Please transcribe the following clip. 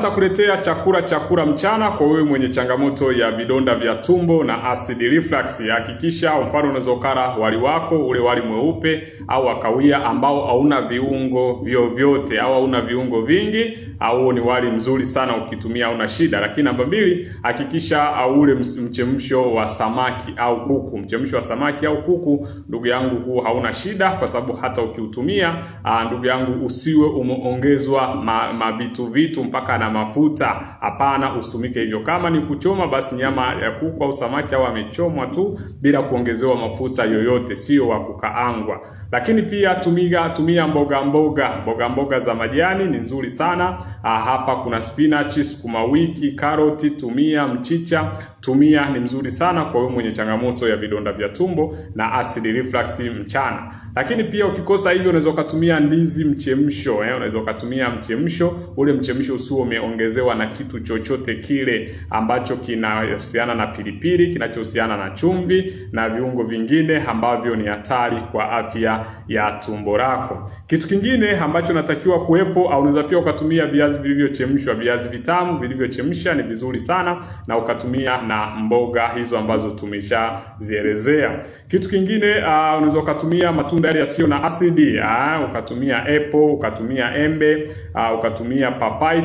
nitakuletea chakula chakula mchana kwa wewe mwenye changamoto ya vidonda vya tumbo na acid reflux. Hakikisha mfano unazokara wali wako ule wali mweupe au wakawia ambao hauna viungo vyovyote au hauna viungo vingi, au ni wali mzuri sana ukitumia una shida. Lakini namba mbili, hakikisha ule mchemsho wa samaki au kuku. Mchemsho wa samaki au kuku, ndugu yangu, huu hauna shida, kwa sababu hata ukiutumia, ah, ndugu yangu, usiwe umeongezwa mavitu vitu mpaka na mafuta. Hapana, usitumike hivyo. Kama ni kuchoma, basi nyama ya kuku au samaki au amechomwa tu bila kuongezewa mafuta yoyote, sio wa kukaangwa. Lakini pia tumiga, tumia mboga mboga mboga mboga za majani ni nzuri sana. Ah, hapa kuna spinach, sukuma wiki, karoti, tumia mchicha, tumia ni mzuri sana kwa wewe mwenye changamoto ya vidonda vya tumbo na acid reflux mchana. Lakini pia ukikosa hivyo, unaweza ukatumia ndizi mchemsho eh, unaweza ukatumia mchemsho ule mchemsho usio ume, umeongezewa na kitu chochote kile ambacho kinahusiana na pilipili, kinachohusiana na chumvi na viungo vingine ambavyo ni hatari kwa afya ya tumbo lako. Kitu kingine ambacho natakiwa kuwepo, au unaweza pia ukatumia viazi vilivyochemshwa. Viazi vitamu vilivyochemsha ni vizuri sana, na ukatumia na mboga hizo ambazo tumeshazielezea. Kitu kingine uh, unaweza ukatumia matunda yale yasiyo na asidi uh, ukatumia apple, ukatumia embe uh, ukatumia papai